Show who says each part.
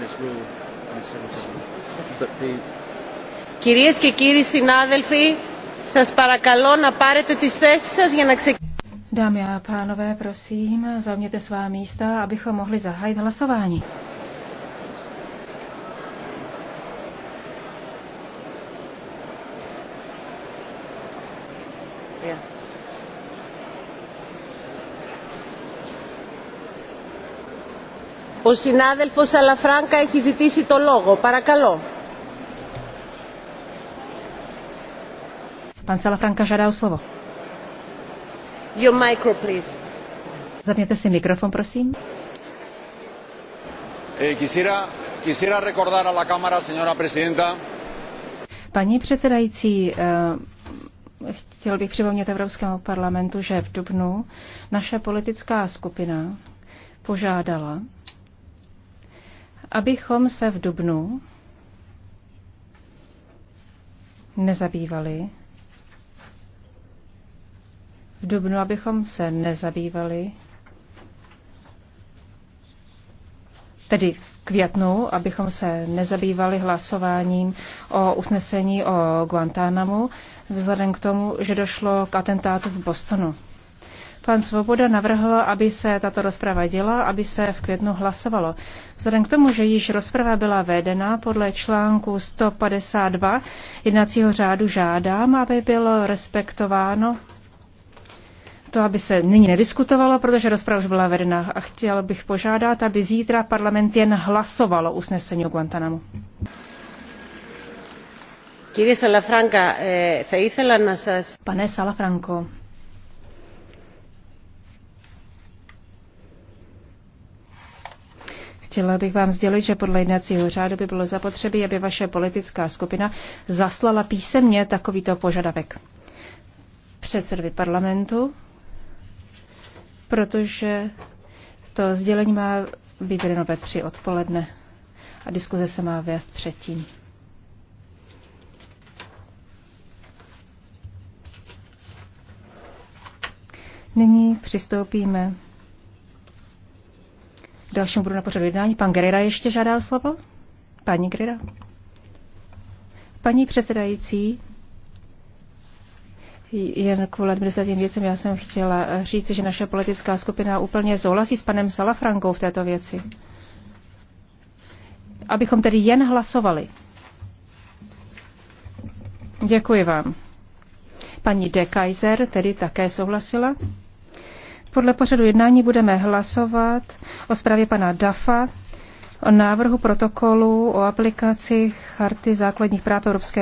Speaker 1: fairness rule and so on. But the...
Speaker 2: Κυρίες και κύριοι συνάδελφοι, σας παρακαλώ να πάρετε τις θέσεις σας για να ξεκινήσουμε.
Speaker 1: Dámy a pánové, prosím, zaměte svá místa, abychom mohli zahájit hlasování.
Speaker 2: Yeah. Ο συνάδελφος Αλαφράνκα έχει ζητήσει το λόγο. Παρακαλώ.
Speaker 1: Pan Salafranka žádá o slovo.
Speaker 2: Your micro, please.
Speaker 1: Zapněte si mikrofon, prosím.
Speaker 2: Eh, quisiera, quisiera recordar a la cámara, señora presidenta.
Speaker 1: Paní předsedající, eh, chtěl bych připomnět Evropskému parlamentu, že v Dubnu naše politická skupina požádala abychom se v Dubnu nezabývali v Dubnu, abychom se nezabývali tedy v květnu, abychom se nezabývali hlasováním o usnesení o Guantánamu vzhledem k tomu, že došlo k atentátu v Bostonu. Pan Svoboda navrhl, aby se tato rozprava děla, aby se v květnu hlasovalo. Vzhledem k tomu, že již rozprava byla vedena podle článku 152 jednacího řádu žádám, aby bylo respektováno to, aby se nyní nediskutovalo, protože rozprava už byla vedena a chtěl bych požádat, aby zítra parlament jen hlasovalo usnesení o Guantanamo. Pane Salafranco, Chtěla bych vám sdělit, že podle jednacího řádu by bylo zapotřebí, aby vaše politická skupina zaslala písemně takovýto požadavek předsedovi parlamentu, protože to sdělení má být ve tři odpoledne a diskuze se má vést předtím. Nyní přistoupíme dalšímu bodu na pořadu jednání. Pan Gerira ještě žádá o slovo? Paní Gerira? Paní předsedající, jen kvůli administrativním věcem já jsem chtěla říct, že naše politická skupina úplně souhlasí s panem Salafrankou v této věci. Abychom tedy jen hlasovali. Děkuji vám. Paní De Kaiser tedy také souhlasila. Podle pořadu jednání budeme hlasovat o zprávě pana Dafa o návrhu protokolu o aplikaci Charty základních práv Evropské